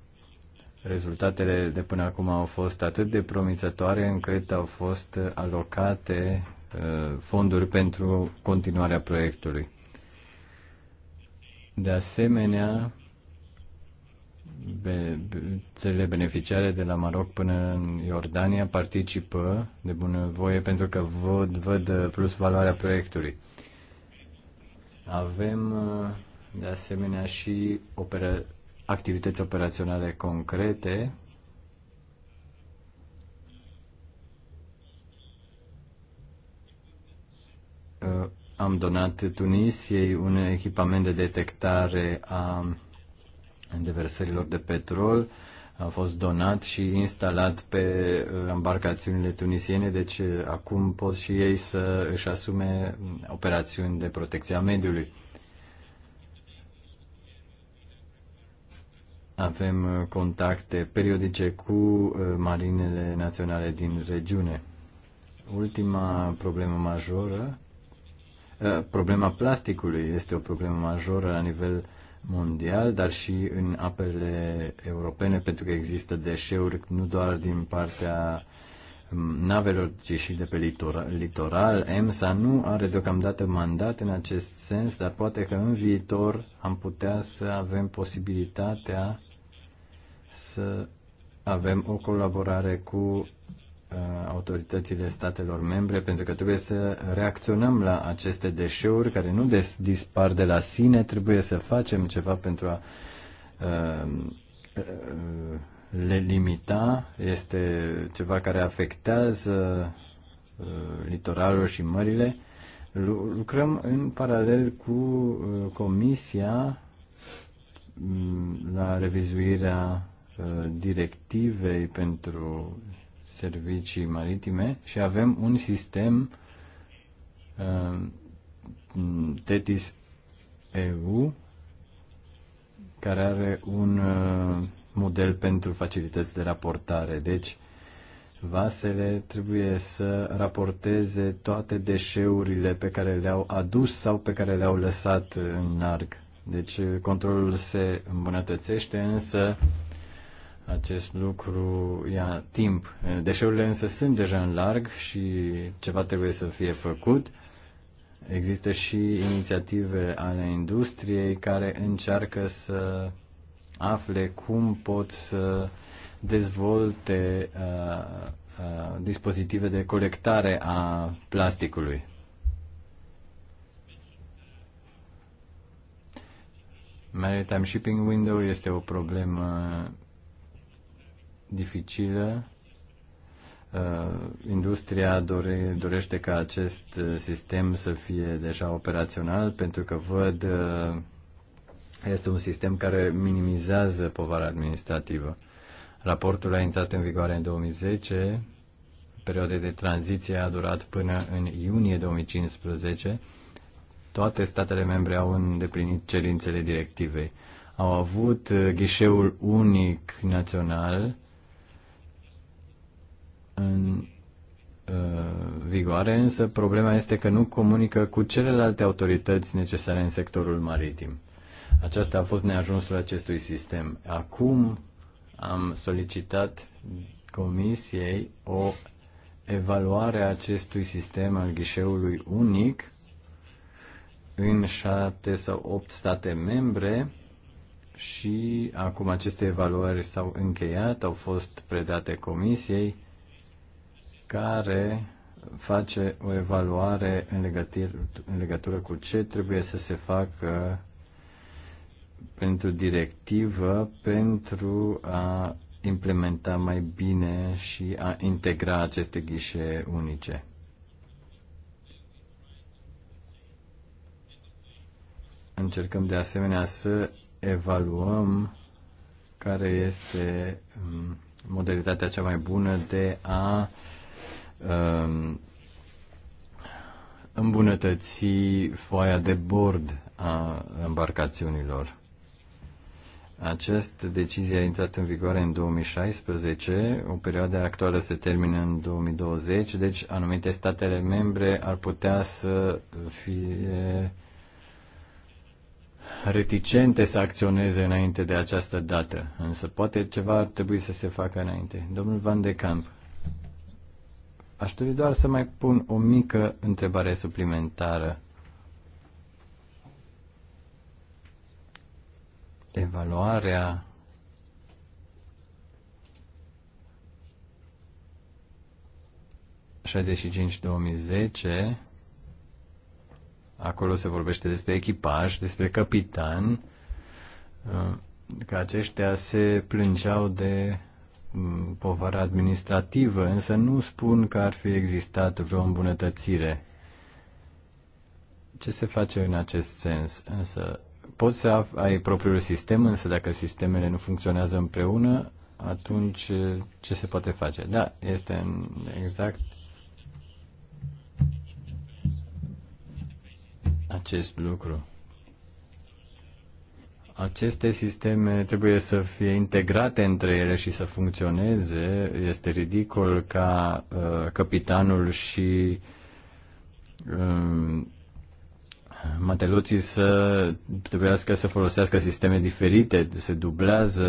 B: Rezultatele de până acum au fost atât de promițătoare încât au fost uh, alocate uh, fonduri pentru continuarea proiectului. De asemenea, be, țările beneficiare de la Maroc până în Iordania participă de bunăvoie pentru că văd, văd uh, plus valoarea proiectului. Avem de asemenea și opera, activități operaționale concrete uh, am donat Tunisiei un echipament de detectare a deversărilor de petrol. A fost donat și instalat pe uh, embarcațiunile tunisiene, deci uh, acum pot și ei să își asume operațiuni de protecție a mediului. Avem uh, contacte periodice cu uh, marinele naționale din regiune. Ultima problemă majoră, uh, problema plasticului este o problemă majoră la nivel mondial, dar și în apele europene, pentru că există deșeuri nu doar din partea uh, navelor ieșiri de pe litoral, litoral. EMSA nu are deocamdată mandat în acest sens, dar poate că în viitor am putea să avem posibilitatea să avem o colaborare cu uh, autoritățile statelor membre, pentru că trebuie să reacționăm la aceste deșeuri care nu des- dispar de la sine, trebuie să facem ceva pentru a uh, uh, le limita este ceva care afectează uh, litoralul și mările. Lucrăm în paralel cu uh, Comisia mm, la revizuirea uh, directivei pentru servicii maritime și avem un sistem TETIS EU care are un model pentru facilități de raportare. Deci, vasele trebuie să raporteze toate deșeurile pe care le-au adus sau pe care le-au lăsat în larg. Deci, controlul se îmbunătățește, însă acest lucru ia timp. Deșeurile însă sunt deja în larg și ceva trebuie să fie făcut. Există și inițiative ale industriei care încearcă să afle cum pot să dezvolte uh, uh, dispozitive de colectare a plasticului. Maritime Shipping Window este o problemă dificilă. Uh, industria dore, dorește ca acest uh, sistem să fie deja operațional pentru că văd uh, este un sistem care minimizează povara administrativă. Raportul a intrat în vigoare în 2010, perioada de tranziție a durat până în iunie 2015. Toate statele membre au îndeplinit cerințele directivei. Au avut uh, ghișeul unic național în uh, vigoare, însă problema este că nu comunică cu celelalte autorități necesare în sectorul maritim. Aceasta a fost neajunsul acestui sistem. Acum am solicitat Comisiei o evaluare a acestui sistem al ghișeului unic în șapte sau opt state membre și acum aceste evaluări s-au încheiat, au fost predate Comisiei care face o evaluare în legătură, în legătură cu ce trebuie să se facă pentru directivă pentru a implementa mai bine și a integra aceste ghișe unice. Încercăm de asemenea să evaluăm care este um, modalitatea cea mai bună de a um, îmbunătăți foaia de bord a embarcațiunilor. Această decizie a intrat în vigoare în 2016, o perioadă actuală se termină în 2020, deci anumite statele membre ar putea să fie reticente să acționeze înainte de această dată, însă poate ceva ar trebui să se facă înainte. Domnul Van de Camp, aș dori doar să mai pun o mică întrebare suplimentară. evaluarea 65 acolo se vorbește despre echipaj, despre capitan, uh, că aceștia se plângeau de mm, povară administrativă, însă nu spun că ar fi existat vreo îmbunătățire. Ce se face în acest sens? Însă poți să ai propriul sistem, însă dacă sistemele nu funcționează împreună, atunci eh, ce se poate face? Da, este exact acest lucru. Aceste sisteme trebuie să fie integrate între ele și să funcționeze. Este ridicol ca uh, capitanul și uh, mateloții să trebuiască să folosească sisteme diferite, se dublează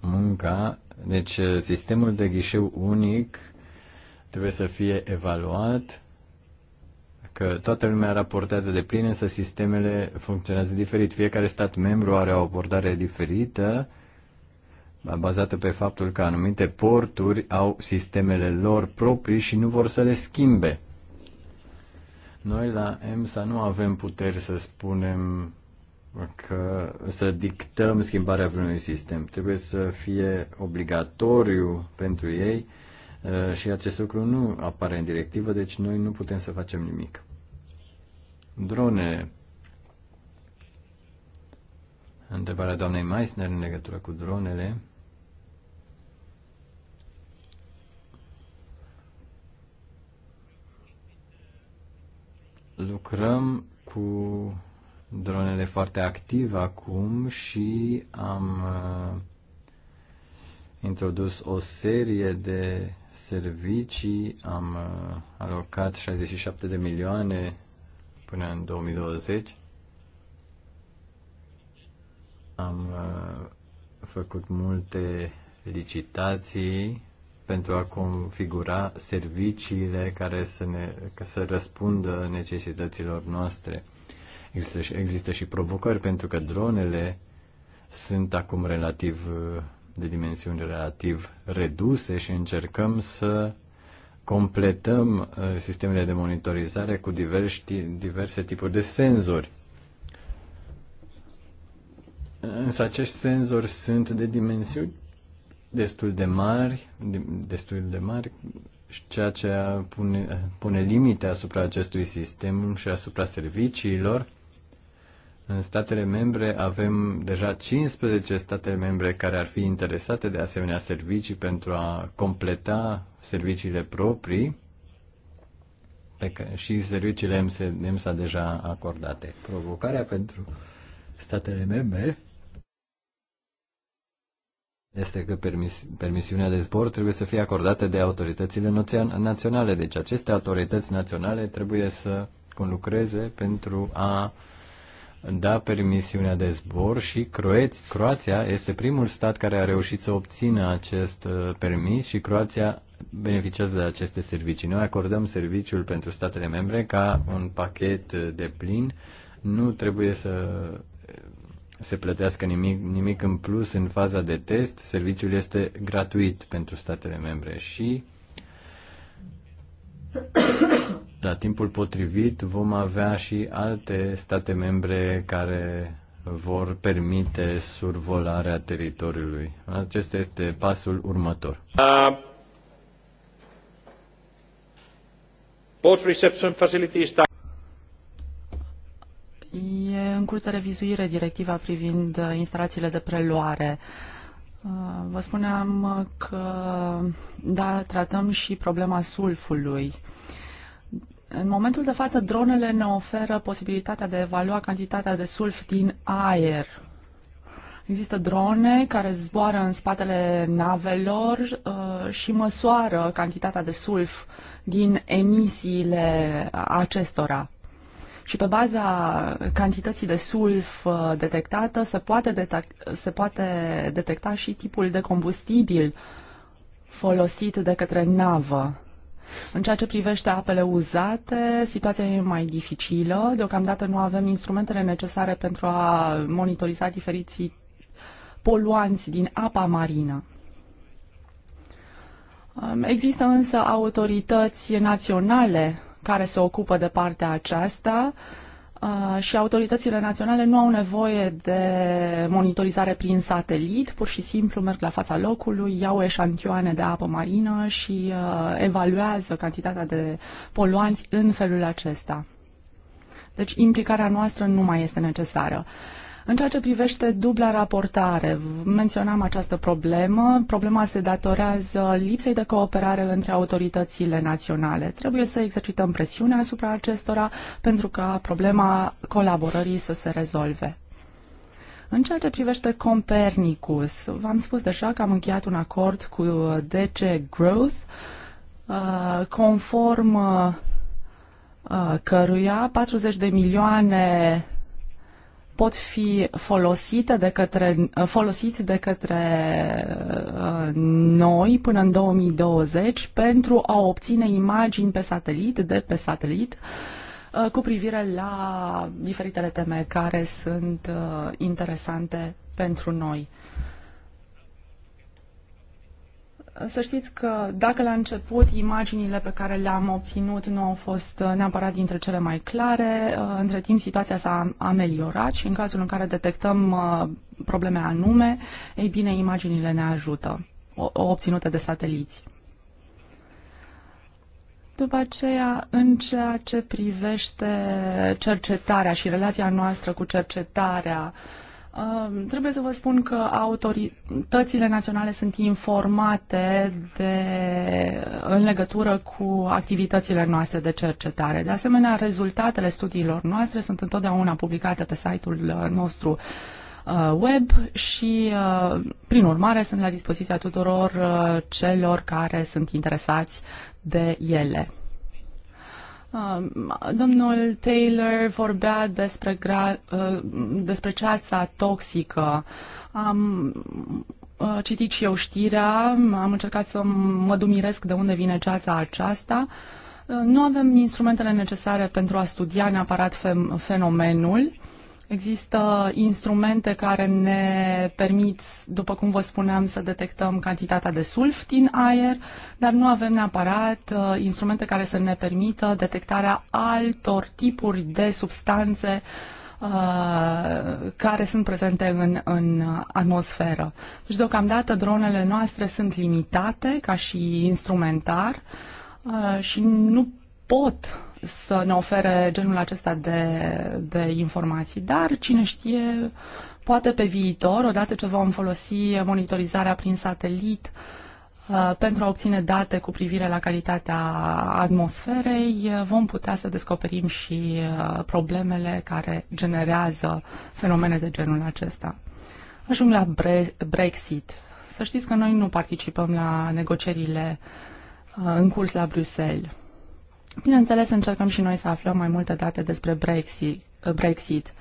B: munca, deci sistemul de ghișeu unic trebuie să fie evaluat, că toată lumea raportează de plin, însă sistemele funcționează diferit. Fiecare stat membru are o abordare diferită, bazată pe faptul că anumite porturi au sistemele lor proprii și nu vor să le schimbe. Noi la EMSA nu avem puteri să spunem că să dictăm schimbarea vreunui sistem. Trebuie să fie obligatoriu pentru ei uh, și acest lucru nu apare în directivă, deci noi nu putem să facem nimic. Drone. Întrebarea doamnei Meissner în legătură cu dronele. lucrăm cu dronele foarte active acum și am uh, introdus o serie de servicii, am uh, alocat 67 de milioane până în 2020. Am uh, făcut multe licitații pentru a configura serviciile care să, ne, ca să răspundă necesităților noastre. Există și, există și provocări pentru că dronele sunt acum relativ de dimensiuni relativ reduse și încercăm să completăm uh, sistemele de monitorizare cu diversi, diverse tipuri de senzori. Însă acești senzori sunt de dimensiuni destul de mari, destul de mari, ceea ce pune, pune limite asupra acestui sistem și asupra serviciilor. În statele membre avem deja 15 state membre care ar fi interesate de asemenea servicii pentru a completa serviciile proprii pe care, și serviciile MSA deja acordate. Provocarea pentru statele membre este că permis, permisiunea de zbor trebuie să fie acordată de autoritățile naționale. Deci aceste autorități naționale trebuie să conlucreze pentru a da permisiunea de zbor și Croeți, Croația este primul stat care a reușit să obțină acest uh, permis și Croația beneficiază de aceste servicii. Noi acordăm serviciul pentru statele membre ca un pachet uh, de plin. Nu trebuie să se plătească nimic, nimic în plus în faza de test, serviciul este gratuit pentru statele membre și la timpul potrivit vom avea și alte state membre care vor permite survolarea teritoriului. Acesta este pasul următor.
C: Uh, port reception facilities. E în curs de revizuire directiva privind uh, instalațiile de preluare. Uh, vă spuneam uh, că, da, tratăm și problema sulfului. În momentul de față, dronele ne oferă posibilitatea de a evalua cantitatea de sulf din aer. Există drone care zboară în spatele navelor uh, și măsoară cantitatea de sulf din emisiile acestora și pe baza cantității de sulf uh, detectată se poate, detec- se poate detecta și tipul de combustibil folosit de către navă. În ceea ce privește apele uzate, situația e mai dificilă. Deocamdată nu avem instrumentele necesare pentru a monitoriza diferiții poluanți din apa marină. Um, există însă autorități naționale care se ocupă de partea aceasta uh, și autoritățile naționale nu au nevoie de monitorizare prin satelit, pur și simplu merg la fața locului, iau eșantioane de apă marină și uh, evaluează cantitatea de poluanți în felul acesta. Deci implicarea noastră nu mai este necesară. Uh, în ceea ce privește dubla raportare, menționam această problemă. Problema se datorează lipsei de cooperare între autoritățile naționale. Trebuie să exercităm presiunea asupra acestora pentru ca problema colaborării să se rezolve. În ceea ce privește Copernicus, v-am spus deja că am încheiat un acord cu DC Growth, uh, conform uh, căruia 40 de milioane pot fi folosite de către, folosiți de către uh, noi până în 2020 pentru a obține imagini pe satelit, de pe satelit, uh, cu privire la diferitele teme care sunt uh, interesante pentru noi. Să știți că dacă la început imaginile pe care le-am obținut nu au fost uh, neapărat dintre cele mai clare, uh, între timp situația s-a ameliorat și în cazul în care detectăm uh, probleme anume, ei bine, imaginile ne ajută, obținute de sateliți. După aceea, în ceea ce privește cercetarea și relația noastră cu cercetarea, uh, Trebuie să vă spun că autoritățile naționale sunt informate de, în legătură cu activitățile noastre de cercetare. De asemenea, rezultatele studiilor noastre sunt întotdeauna publicate pe site-ul uh, nostru uh, web și, uh, prin urmare, sunt la dispoziția tuturor celor care sunt interesați de ele. Um, domnul Taylor vorbea despre, gra, uh, despre ceața toxică. Am uh, citit și eu știrea, am încercat să mă dumiresc de unde vine ceața aceasta. Uh, nu avem instrumentele necesare pentru a studia neapărat fenomenul. Există instrumente care ne permit, după cum vă spuneam, să detectăm cantitatea de sulf din aer, dar nu avem neapărat uh, instrumente care să ne permită detectarea altor tipuri de substanțe uh, care sunt prezente în, în atmosferă. Deci, deocamdată, dronele noastre sunt limitate ca și instrumentar uh, și nu pot să ne ofere genul acesta de, de informații, dar cine știe, poate pe viitor, odată ce vom folosi monitorizarea prin satelit uh, pentru a obține date cu privire la calitatea atmosferei, uh, vom putea să descoperim și uh, problemele care generează fenomene de genul acesta. Ajung la bre Brexit. Să știți că noi nu participăm la negocierile în curs la Bruxelles. Bineînțeles, încercăm și noi să aflăm mai multe date despre Brexit. Uh,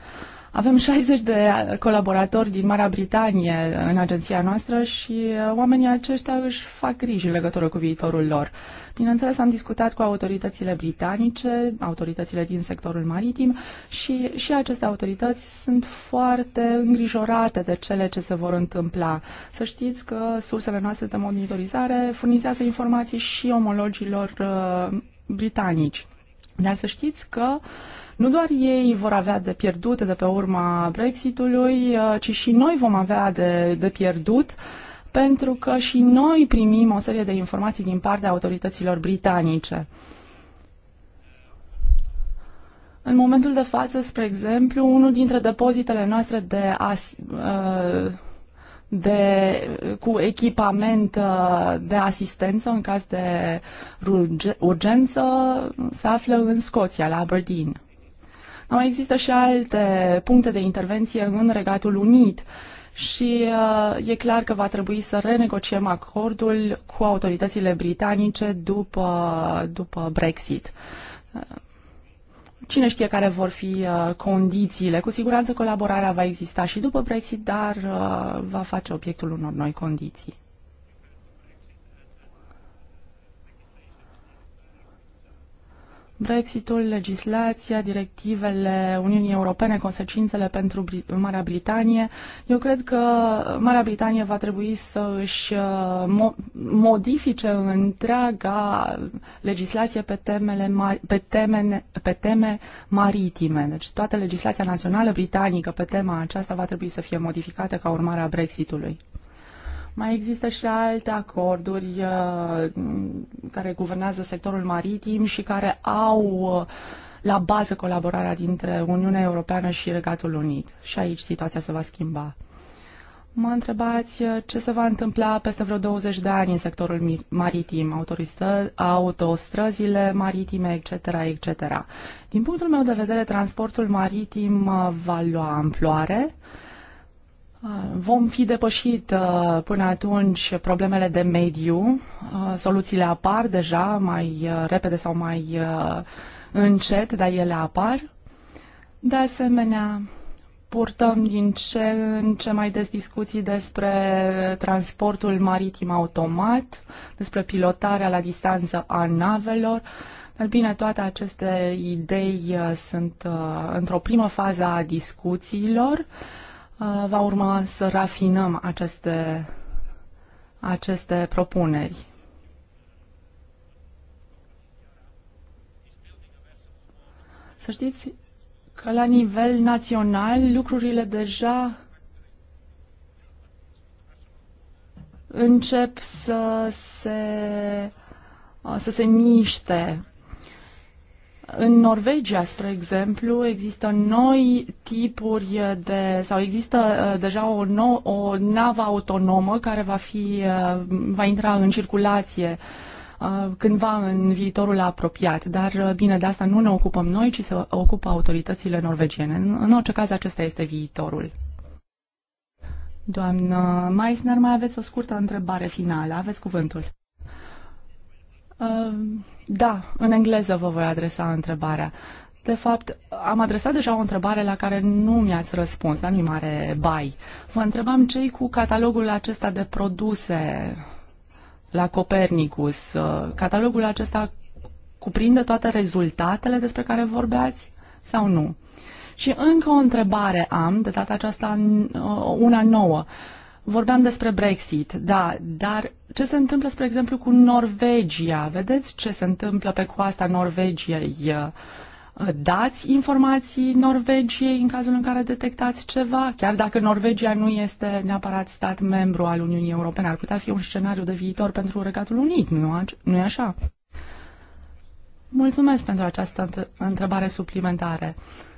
C: Avem 60 de colaboratori din Marea Britanie în agenția noastră și uh, oamenii aceștia își fac griji în legătură cu viitorul lor. Bineînțeles, am discutat cu autoritățile britanice, autoritățile din sectorul maritim și, și aceste autorități sunt foarte îngrijorate de cele ce se vor întâmpla. Să știți că sursele noastre de monitorizare furnizează informații și omologilor uh, britanici. Dar să știți că nu doar ei vor avea de pierdut de pe urma Brexitului, uh, ci și noi vom avea de, de pierdut pentru că și noi primim o serie de informații din partea autorităților britanice. În momentul de față, spre exemplu, unul dintre depozitele noastre de as, uh, de, cu echipament uh, de asistență în caz de urgență se află în Scoția, la Aberdeen. Mai există și alte puncte de intervenție în Regatul Unit și uh, e clar că va trebui să renegociem acordul cu autoritățile britanice după, după Brexit. Cine știe care vor fi uh, condițiile? Cu siguranță colaborarea va exista și după Brexit, dar uh, va face obiectul unor noi condiții. Brexitul, legislația, directivele Uniunii Europene, consecințele pentru Marea Britanie. Eu cred că Marea Britanie va trebui să își uh, modifice întreaga legislație pe, temele, pe, teme, pe teme maritime. Deci toată legislația națională britanică pe tema aceasta va trebui să fie modificată ca urmare a Brexitului. Mai există și alte acorduri uh, care guvernează sectorul maritim și care au uh, la bază colaborarea dintre Uniunea Europeană și Regatul Unit. Și aici situația se va schimba. Mă întrebați uh, ce se va întâmpla peste vreo 20 de ani în sectorul maritim, autostrăzile maritime, etc., etc. Din punctul meu de vedere, transportul maritim va lua amploare, Uh, vom fi depășit uh, până atunci problemele de mediu. Uh, soluțiile apar deja mai repede sau mai încet, dar ele apar. De asemenea, purtăm din ce în ce mai des discuții despre transportul maritim automat, despre pilotarea la distanță a navelor. Dar bine, toate aceste idei sunt într-o primă fază a discuțiilor va urma să rafinăm aceste, aceste propuneri. Să știți că la nivel național lucrurile deja încep să se, să se miște în Norvegia, spre exemplu, există noi tipuri de, sau există uh, deja o, nou, o navă autonomă care va, fi, uh, va intra în circulație uh, cândva în viitorul apropiat. Dar bine, de asta nu ne ocupăm noi, ci se ocupă autoritățile norvegiene. În orice caz, acesta este viitorul. Doamnă Meisner, mai aveți o scurtă întrebare finală. Aveți cuvântul. Ehm, da, în engleză vă voi adresa întrebarea. De fapt, am adresat deja o întrebare la care nu mi-ați răspuns, dar nu mare bai. Vă întrebam cei cu catalogul acesta de produse la Copernicus. Uh, catalogul acesta cuprinde toate rezultatele despre care vorbeați sau nu? Și încă o întrebare am, de data aceasta uh, una nouă. Vorbeam despre Brexit, da, dar ce se întâmplă, spre exemplu, cu Norvegia? Vedeți ce se întâmplă pe coasta Norvegiei? Uh, dați informații Norvegiei în cazul în care detectați ceva? Chiar dacă Norvegia nu este neapărat stat membru al Uniunii Europene, ar putea fi un scenariu de viitor pentru Regatul Unit, nu e așa? Mulțumesc pentru această întrebare suplimentare. Uh,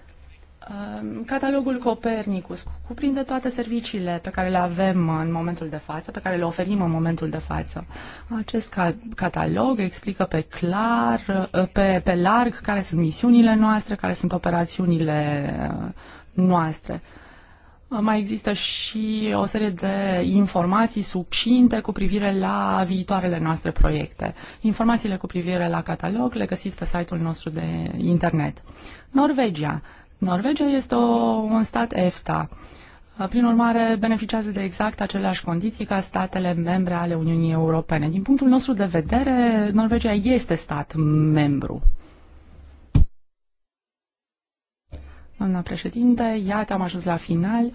C: Ehm, catalogul Copernicus cuprinde toate serviciile pe care le avem în momentul de față, pe care le oferim în momentul de față. Acest catalog explică pe clar, eh, pe, pe larg care sunt misiunile noastre, care sunt operațiunile eh, noastre. Mai există și o serie de informații subcinte cu privire la viitoarele noastre proiecte. Informațiile cu privire la catalog le găsiți pe site-ul nostru de internet. Norvegia Norvegia este o, un stat EFTA. Prin urmare, beneficiază de exact aceleași condiții ca statele membre ale Uniunii Europene. Din punctul nostru de vedere, Norvegia este stat membru. Doamna președinte, iată am ajuns la final.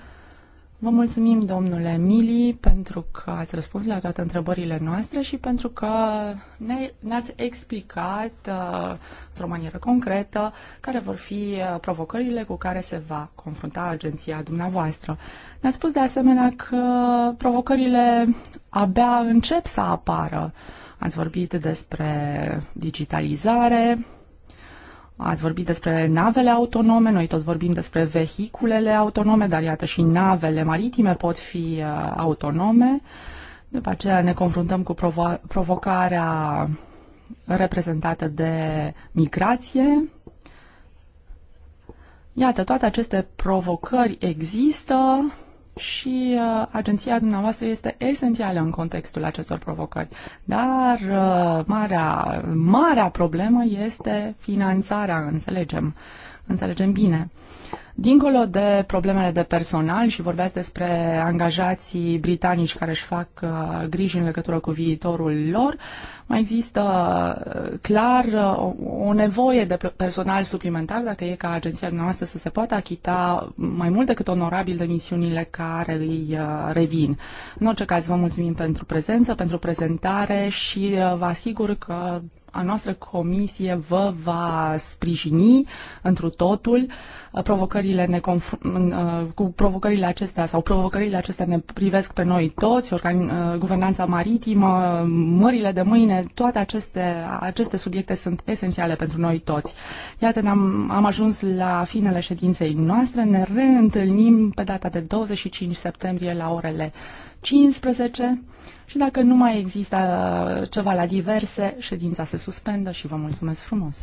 C: Vă mulțumim, domnule Mili, pentru că ați răspuns la toate întrebările noastre și pentru că ne, ne-ați explicat uh, într-o manieră concretă care vor fi uh, provocările cu care se va confrunta agenția dumneavoastră. Ne-ați spus de asemenea că provocările abia încep să apară. Ați vorbit despre digitalizare, Ați vorbit despre navele autonome, noi tot vorbim despre vehiculele autonome, dar iată și navele maritime pot fi uh, autonome. După aceea ne confruntăm cu provo- provocarea reprezentată de migrație. Iată, toate aceste provocări există, și uh, agenția dumneavoastră este esențială în contextul acestor provocări. Dar uh, marea, marea problemă este finanțarea, înțelegem. Uh, înțelegem bine. Dincolo de problemele de personal și vorbeați despre angajații britanici care își fac uh, griji în legătură cu viitorul lor, mai există uh, clar uh, o nevoie de personal suplimentar dacă e ca agenția noastră să se poată achita mai mult decât onorabil de misiunile care îi revin. În orice caz, vă mulțumim pentru prezență, pentru prezentare și vă asigur că a noastră comisie vă va sprijini întru totul. Uh, provocările ne uh, cu provocările acestea sau provocările acestea ne privesc pe noi toți, organ- uh, guvernanța maritimă, mările de mâine, toate aceste, aceste subiecte sunt esențiale pentru noi toți. Iată, ne-am, am ajuns la finele ședinței noastre, ne reîntâlnim pe data de 25 septembrie la orele 15 și dacă nu mai există uh, ceva la diverse, ședința se suspendă și vă mulțumesc frumos.